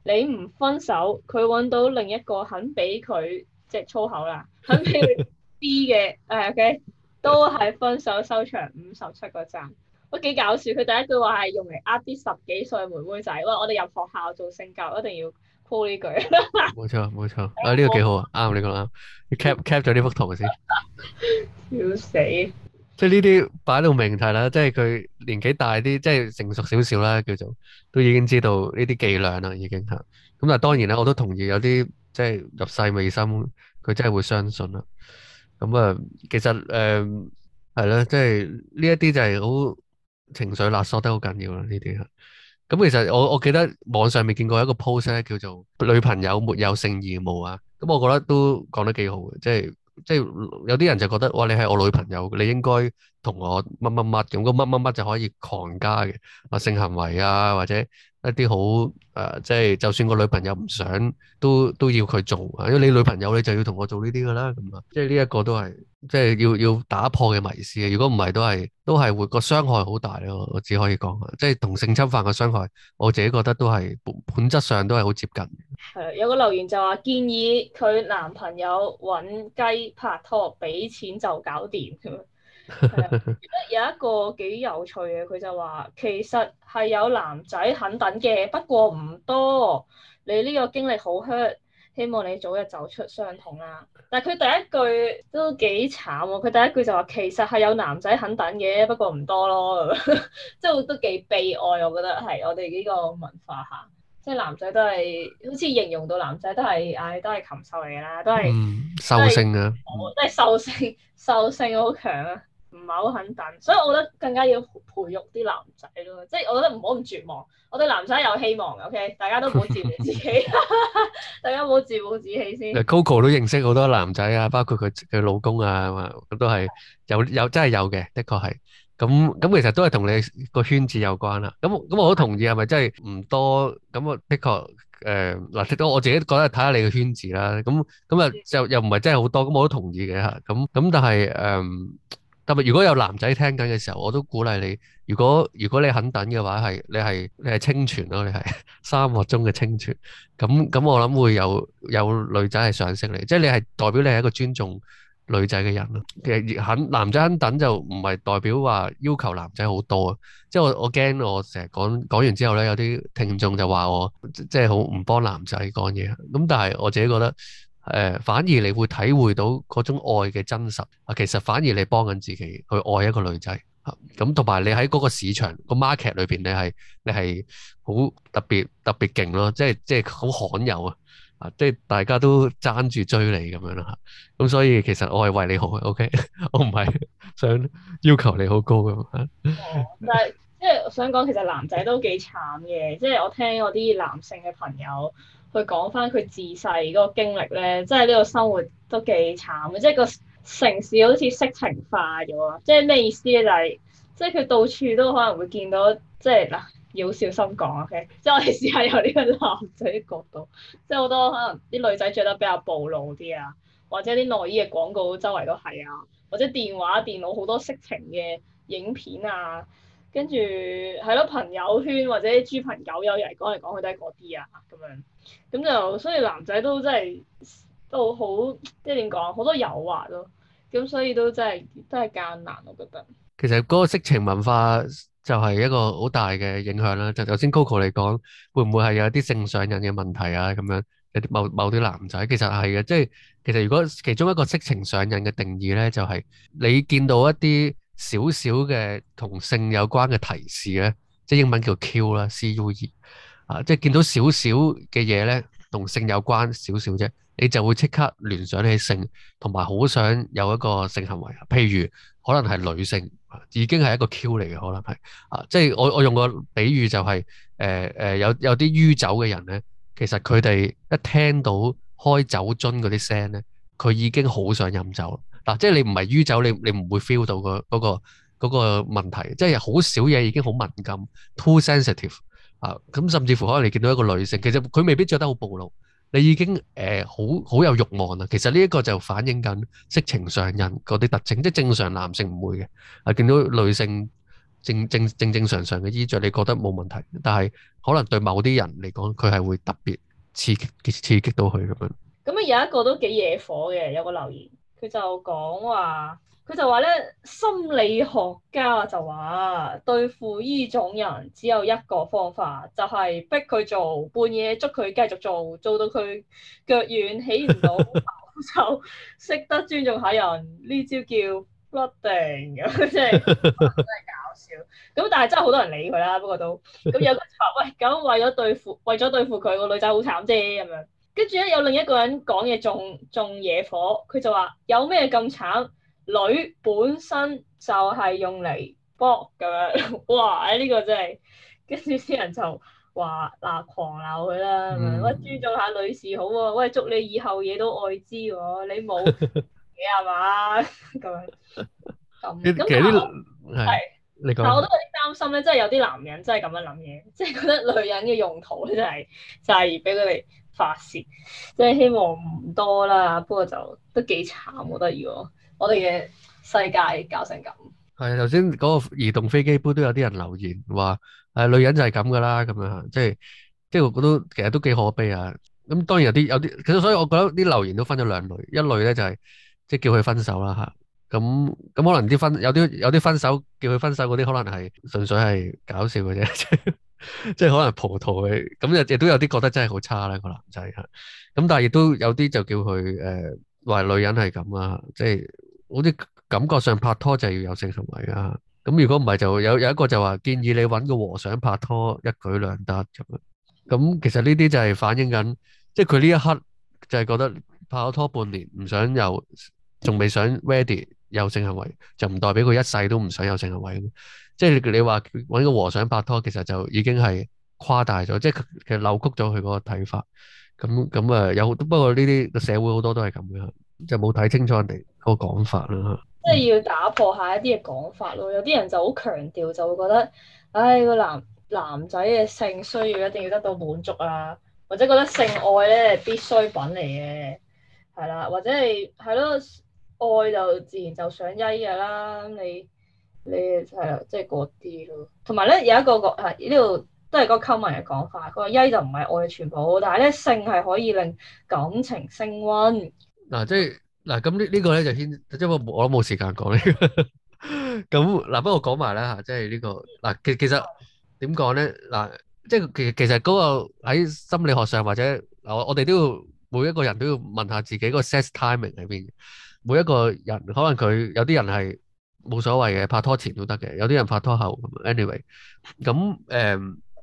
你唔分手，佢揾到另一個肯俾佢即係粗口啦，肯俾佢 B 嘅，誒嘅、 okay？都係分手收場，五十七個讚，都幾搞笑。佢第一句話係用嚟呃啲十幾歲妹妹仔，喂，我哋入學校做性教育一定要。呢句，冇錯冇錯，啊呢個幾好啊，啱，你講啱，你 cap cap 咗呢幅圖先，笑死 ，即係呢啲擺到明睇啦，即係佢年紀大啲，即係成熟少少啦，叫做都已經知道呢啲伎倆啦，已經吓。咁但係當然咧，我都同意有啲即係入世未深，佢真係會相信啦。咁啊，其實誒係咯，即係呢一啲就係好情緒勒索得好緊要啦，呢啲吓。咁其實我我記得網上面見過一個 post 叫做女朋友沒有性義務啊。咁、嗯、我覺得都講得幾好嘅，即係即係有啲人就覺得哇，你係我女朋友，你應該同我乜乜乜咁，個乜乜乜就可以強加嘅啊性行為啊或者。一啲好，誒、呃、即、就、係、是、就算個女朋友唔想，都都要佢做，因為你女朋友你就要同我做呢啲㗎啦，咁啊，即係呢一個都係，即係要要打破嘅迷思。如果唔係，都係都係會個傷害好大咯。我只可以講，即係同性侵犯嘅傷害，我自己覺得都係本質上都係好接近。係啊，有個留言就話建議佢男朋友搵雞拍拖，畀錢就搞掂 係啊 有一個幾有趣嘅，佢就話其實係有男仔肯等嘅，不過唔多。你呢個經歷好 hurt，希望你早日走出傷痛啦。但係佢第一句都幾慘喎，佢第一句就話其實係有男仔肯等嘅，不過唔多咯， 即係都幾悲哀。我覺得係我哋呢個文化下，即係男仔都係，好似形容到男仔都係，唉、哎，都係禽獸嚟嘅啦，都係獸、嗯、性啊，即係獸性，獸性好強啊。唔係好肯等，所以我覺得更加要培育啲男仔咯。即係我覺得唔好咁絕望，我對男仔有希望嘅。OK，大家都唔好自暴自棄，大家唔好自暴自棄先。Coco 都認識好多男仔啊，包括佢佢老公啊，咁都係有有真係有嘅，的確係。咁咁其實都係同你個圈子有關啦。咁咁我都同意，係咪？真係唔多咁啊？的確誒嗱，亦都我自己覺得睇下你嘅圈子啦。咁咁啊，就又唔係真係好多咁，我都同意嘅。咁咁但係誒。但係如果有男仔聽緊嘅時候，我都鼓勵你。如果如果你肯等嘅話，係你係你係清泉咯、啊，你係沙漠中嘅清泉。咁咁我諗會有有女仔係賞識你，即係你係代表你係一個尊重女仔嘅人咯。其實肯男仔肯等就唔係代表話要求男仔好多啊。即係我我驚我成日講講完之後咧，有啲聽眾就話我即係好唔幫男仔講嘢。咁但係我自己覺得。誒、呃，反而你會體會到嗰種愛嘅真實啊！其實反而你幫緊自己去愛一個女仔，咁同埋你喺嗰個市場個 market 裏邊，你係你係好特別特別勁咯，即係即係好罕有啊，啊！啊，即係大家都爭住追你咁樣啦，咁所以其實我係為你好啊，OK？我唔係想要求你好高咁啊。哦、 但係即係我想講，其實男仔都幾慘嘅，即係 我聽我啲男性嘅朋友。去講翻佢自細嗰個經歷咧，即係呢個生活都幾慘嘅，即係個城市好似色情化咗啊！即係咩意思咧？就係、是、即係佢到處都可能會見到，即係嗱，要小心講 O.K. 即係我哋試下由呢個男仔角度，即係好多可能啲女仔着得比較暴露啲啊，或者啲內衣嘅廣告周圍都係啊，或者電話、電腦好多色情嘅影片啊。跟住係咯，朋友圈或者豬朋狗友人講嚟講，佢都係嗰啲啊咁樣。咁就所以男仔都真係都好，即係點講，好多誘惑咯。咁所以都真係真係艱難，我覺得。其實嗰個色情文化就係一個好大嘅影響啦。就頭先 Coco 嚟講，會唔會係有一啲性上癮嘅問題啊？咁樣有啲某某啲男仔其實係嘅，即係其實如果其中一個色情上癮嘅定義咧，就係你見到一啲。少少嘅同性有關嘅提示呢，即係英文叫 Q 啦，C U E 啊，即係見到少少嘅嘢呢同性有關少少啫，你就會即刻聯想起性，同埋好想有一個性行為。譬如可能係女性已經係一個 Q 嚟嘅，可能係啊，即係我我用個比喻就係誒誒有有啲酗酒嘅人呢，其實佢哋一聽到開酒樽嗰啲聲呢，佢已經好想飲酒。嗱，即係你唔係酗酒，你你唔會 feel 到個嗰個嗰個問題。即係好少嘢已經好敏感，too sensitive 啊！咁甚至乎可能你見到一個女性，其實佢未必著得好暴露，你已經誒好好有慾望啦。其實呢一個就反映緊色情上癮嗰啲特徵，即係正常男性唔會嘅啊。見到女性正正正正常常嘅衣著，你覺得冇問題，但係可能對某啲人嚟講，佢係會特別刺激，刺激到佢咁樣。咁啊，有一個都幾惹火嘅，有個留言。佢就講話，佢就話咧，心理學家就話， 對付依種人只有一個方法，就係、是、逼佢做，半夜捉佢繼續做，做到佢腳軟起唔到， 就識得尊重下人。呢招叫 blooding，咁即係真係搞笑。咁但係真係好多人理佢啦，不過都咁有個話，喂，咁為咗對付，為咗對付佢個女仔好慘啫，咁樣。跟住咧，有另一個人講嘢仲仲惹火，佢就話：有咩咁慘？女本身就係用嚟搏咁樣，哇！呢、這個真係，跟住啲人就話嗱、啊，狂鬧佢啦。喂、嗯啊，尊重下女士好喎、啊，喂，祝你以後嘢都愛滋喎、啊，你冇嘢啊嘛？咁 樣咁咁幾你講 說，但係我都有啲擔心咧，即係有啲男人真係咁樣諗嘢，即、就、係、是、覺得女人嘅用途咧、就是，就係、是、就係俾佢哋。發泄，即係希望唔多啦。不過就都幾慘，我覺得、哦。如果我哋嘅世界搞成咁，係啊。頭先嗰個移動飛機杯都有啲人留言話：誒、哎、女人就係咁㗎啦，咁樣即係即係我覺得其實都幾可悲啊。咁、嗯、當然有啲有啲，其實所以我覺得啲留言都分咗兩類，一類咧就係、是、即係叫佢分手啦吓，咁咁可能啲分有啲有啲分手叫佢分手嗰啲，可能係純粹係搞笑嘅啫。 即係可能葡萄嘅，咁亦亦都有啲覺得真係好差啦，個男仔吓，咁但係亦都有啲就叫佢誒，話、呃、女人係咁啊，即係好似感覺上拍拖就係要有性行為啊。咁如果唔係就有有一個就話建議你揾個和尚拍拖一舉兩得咁，咁其實呢啲就係反映緊，即係佢呢一刻就係覺得拍咗拖半年唔想有，仲未想 ready 有性行為，就唔代表佢一世都唔想有性行為。即係你你話搵個和尚拍拖，其實就已經係誇大咗，即係其實扭曲咗佢嗰個睇法。咁咁啊，有不過呢啲社會好多都係咁樣，就冇睇清楚人哋個講法啦。即係要打破下一啲嘅講法咯。有啲人就好強調，就會覺得，唉，個男男仔嘅性需要一定要得到滿足啊，或者覺得性愛咧必需品嚟嘅，係啦、啊，或者係係咯，愛就自然就想依㗎啦，你。呢係啊，即係嗰啲咯。同埋咧，有一個個係呢度都係個溝民嘅講法。佢話：，Y 就唔係愛嘅全部，但係咧，性係可以令感情升溫。嗱，即係嗱，咁呢呢個咧就先，即係我我冇時間講呢個。咁嗱，不過我講埋啦嚇，即係呢個嗱，其其實點講咧？嗱，即係其其實嗰個喺心理學上或者我我哋都要每一個人都要問下自己個 sex timing 喺邊。每一個人可能佢有啲人係。冇所謂嘅，拍拖前都得嘅。有啲人拍拖後咁，anyway，咁誒、呃，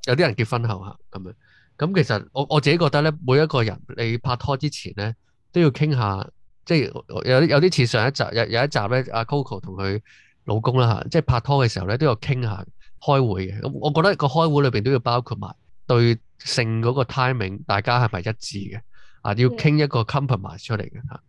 有啲人結婚後吓咁樣。咁其實我我自己覺得咧，每一個人你拍拖之前咧都要傾下，即係有有啲似上一集有有一集咧，阿、啊、Coco 同佢老公啦吓、啊，即係拍拖嘅時候咧都要傾下開會嘅。咁、啊、我覺得個開會裏邊都要包括埋對性嗰個 timing，大家係咪一致嘅啊？要傾一個 compromise 出嚟嘅吓，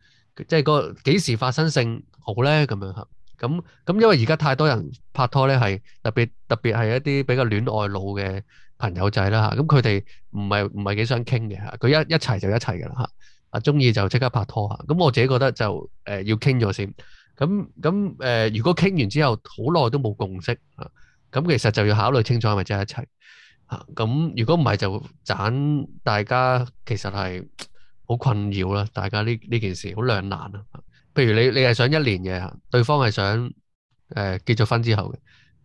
即係嗰幾時發生性好咧咁樣吓。啊。咁咁、嗯嗯，因為而家太多人拍拖咧，係特別特別係一啲比較戀愛腦嘅朋友仔啦嚇。咁佢哋唔係唔係幾想傾嘅嚇，佢一一齊就一齊嘅啦嚇。啊，中意就即刻拍拖嚇。咁、嗯、我自己覺得就誒、呃、要傾咗先。咁咁誒，如果傾完之後好耐都冇共識嚇，咁、啊嗯、其實就要考慮清楚係咪真係一齊嚇。咁如果唔係就盞大家其實係好困擾啦，大家呢呢件事好兩難啊。譬如你你係想一年嘅嚇，對方係想誒、呃、結咗婚之後嘅，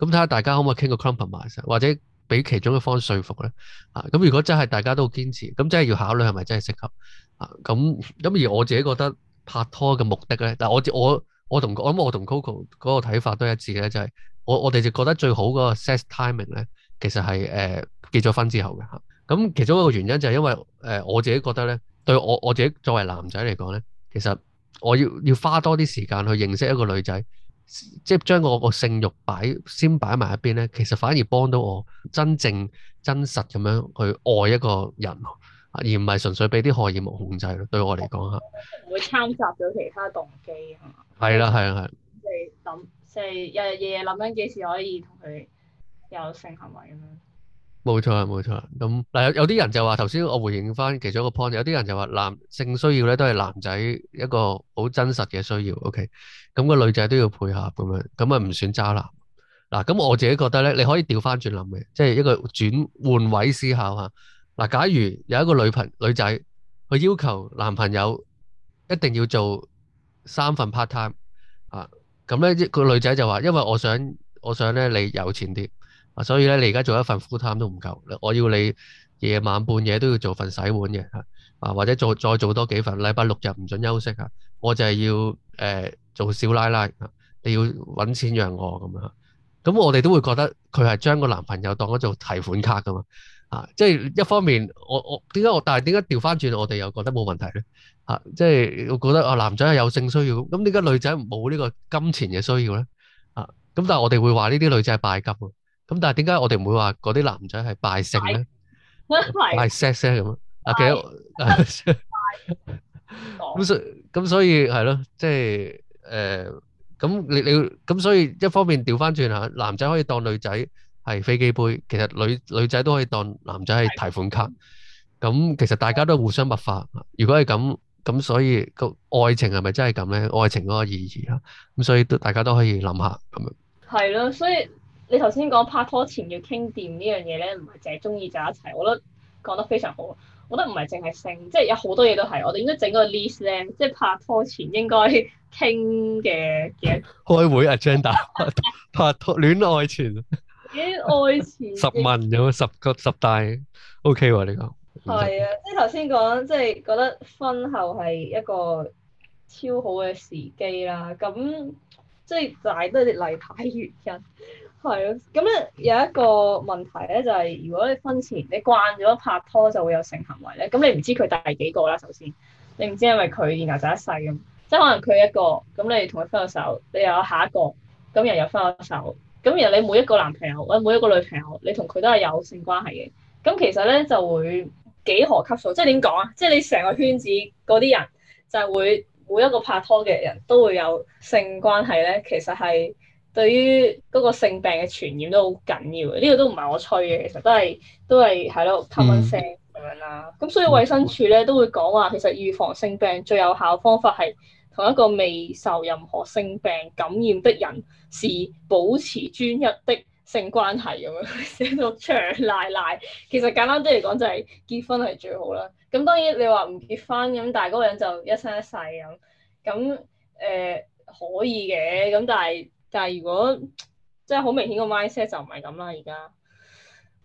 咁睇下大家可唔可以傾個 compromise，或者俾其中一方説服咧嚇。咁、啊、如果真係大家都堅持，咁真係要考慮係咪真係適合啊？咁、啊、咁、啊、而我自己覺得拍拖嘅目的咧，但係我我我同我諗我同 Coco 嗰個睇法都一致咧，就係、是、我我哋就覺得最好嗰個 sex timing 咧，其實係誒、呃、結咗婚之後嘅嚇。咁、啊、其中一個原因就係因為誒、呃、我自己覺得咧，對我我自己作為男仔嚟講咧，其實。我要要花多啲時間去認識一個女仔，即係將我個性慾擺先擺埋一邊咧，其實反而幫到我真正真實咁樣去愛一個人，而唔係純粹俾啲荷爾蒙控制咯。對我嚟講嚇，唔會參雜咗其他動機啊。係啦 吧，係啊，係。即係諗，即係日日夜夜諗緊幾時可以同佢有性行為咁樣。冇錯冇錯咁有啲人就話，頭先我回應翻其中一個 point，有啲人就話，男性需要咧都係男仔一個好真實嘅需要。OK，咁個女仔都要配合咁樣，咁啊唔算渣男。嗱，咁我自己覺得咧，你可以調翻轉諗嘅，即係一個轉換位思考吓。嗱，假如有一個女朋女仔，佢要求男朋友一定要做三份 part time 啊，咁咧個女仔就話，因為我想我想咧你有錢啲。啊，所以咧，你而家做一份 full time 都唔夠，我要你夜晚半夜都要做份洗碗嘅吓啊，或者做再做多幾份，禮拜六日唔准休息噶、啊。我就係要誒、呃、做少奶奶，啊、你要搵錢養我咁樣。咁、啊、我哋都會覺得佢係將個男朋友當咗做提款卡噶嘛啊，即係一方面我我點解？但係點解調翻轉我哋又覺得冇問題咧吓？即係我覺得啊，男仔係有性需要咁，咁點解女仔冇呢個金錢嘅需要咧啊？咁但係我哋會話呢啲女仔係拜金。咁但係點解我哋唔會話嗰啲男仔係敗性咧？係敗性咁啊！咁所以係咯，即係誒咁你你咁所以一方面調翻轉吓，男仔可以當女仔係飛機杯，其實女女仔都可以當男仔係提款卡。咁其實大家都互相物化。如果係咁，咁所以個愛情係咪真係咁咧？愛情嗰個意義啊，咁所以都大家都可以諗下咁樣。係咯，所以。你頭先講拍拖前要傾掂呢樣嘢咧，唔係淨係中意就一齊，我覺得講得非常好。我覺得唔係淨係性，即係有好多嘢都係。我哋應該整個 list 咧，即係拍拖前應該傾嘅嘢。開會 agenda 拍拖戀愛前。戀愛前。 愛 十問有十個十大，OK 喎？你講。係啊，即係頭先講，即係覺得婚後係一個超好嘅時機啦。咁。即係大都係啲例牌原因，係咯。咁咧有一個問題咧，就係如果你婚前你慣咗拍拖就會有性行為咧，咁你唔知佢第幾個啦。首先，你唔知因為佢然後就一世咁，即係可能佢一個，咁你同佢分咗手，你又有下一個，咁又有分咗手，咁然後你每一個男朋友或者每一個女朋友，你同佢都係有性關係嘅。咁其實咧就會幾何級數，即係點講啊？即係你成個圈子嗰啲人就係會。每一個拍拖嘅人都會有性關係咧，其實係對於嗰個性病嘅傳染都好緊要嘅。呢、這個都唔係我吹嘅，其實都係都係係咯，吞聲咁樣啦。咁所以衞生署咧都會講話，其實預防性病最有效方法係同一個未受任何性病感染的人是保持專一的。性關係咁樣寫到 長賴賴，其實簡單啲嚟講就係結婚係最好啦。咁當然你話唔結婚咁，但係嗰個人就一生一世咁，咁誒、呃、可以嘅。咁但係但係如果即係好明顯個 mindset 就唔係咁啦。而家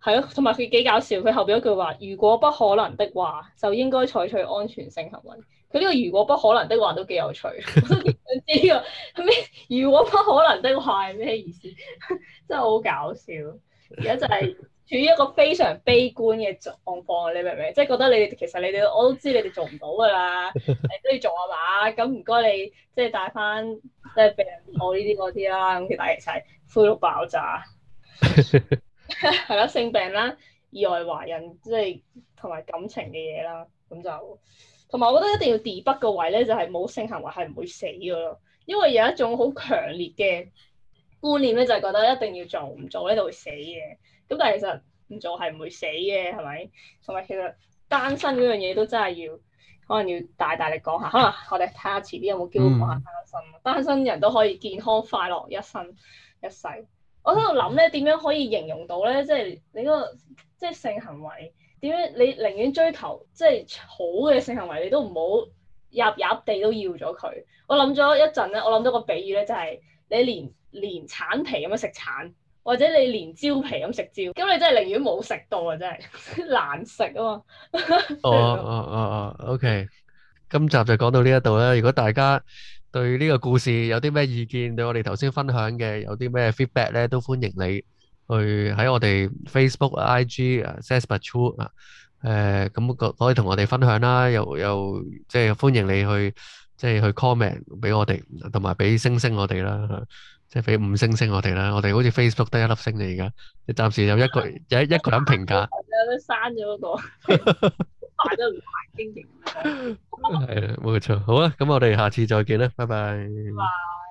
係咯，同埋佢幾搞笑，佢後邊一句話：如果不可能的話，就應該採取安全性行為。佢呢個如果不可能的話都幾有趣，知呢個咩？如果不可能的話係咩意思？ 真係好搞笑。而家就係處於一個非常悲觀嘅狀況，你明唔明？ 即係覺得你哋其實你哋我都知你哋做唔到㗎啦，你都 要做啊嘛！咁唔該你即係帶翻即係病人呢啲嗰啲啦，咁其他其實係灰到爆炸，係咯，性病啦、意外懷孕即係同埋感情嘅嘢啦，咁就～同埋，我覺得一定要墊筆個位咧，就係、是、冇性行為係唔會死噶咯，因為有一種好強烈嘅觀念咧，就係、是、覺得一定要做唔做咧就會死嘅。咁但係其實唔做係唔會死嘅，係咪？同埋其實單身嗰樣嘢都真係要，可能要大大力講下。可能我哋睇下遲啲有冇機會講下單身，嗯、單身人都可以健康快樂一生一世。我喺度諗咧，點樣可以形容到咧？即、就、係、是、你嗰個即係性行為。點樣？你寧願追求即係好嘅性行為，你都唔好入入地都要咗佢。我諗咗一陣咧，我諗到個比喻咧，就係、是、你連連橙皮咁樣食橙，或者你連蕉皮咁食蕉，咁你真係寧願冇食到啊！真係難食啊嘛～哦哦哦哦，OK，今集就講到呢一度啦。如果大家對呢個故事有啲咩意見，對我哋頭先分享嘅有啲咩 feedback 咧，都歡迎你。去喺我哋 Facebook、IG 啊，says but true 啊，誒咁可可以同我哋分享啦，又又即係歡迎你去即係去 comment 俾我哋，同埋俾星星我哋啦，即係俾五星星我哋啦。我哋好似 Facebook 得一粒星嘅而家，暫時有一個有一一個人評價。有啲刪咗嗰個，大得唔大經營。係啦，冇錯。好啊，咁我哋下次再見啦，拜拜。拜。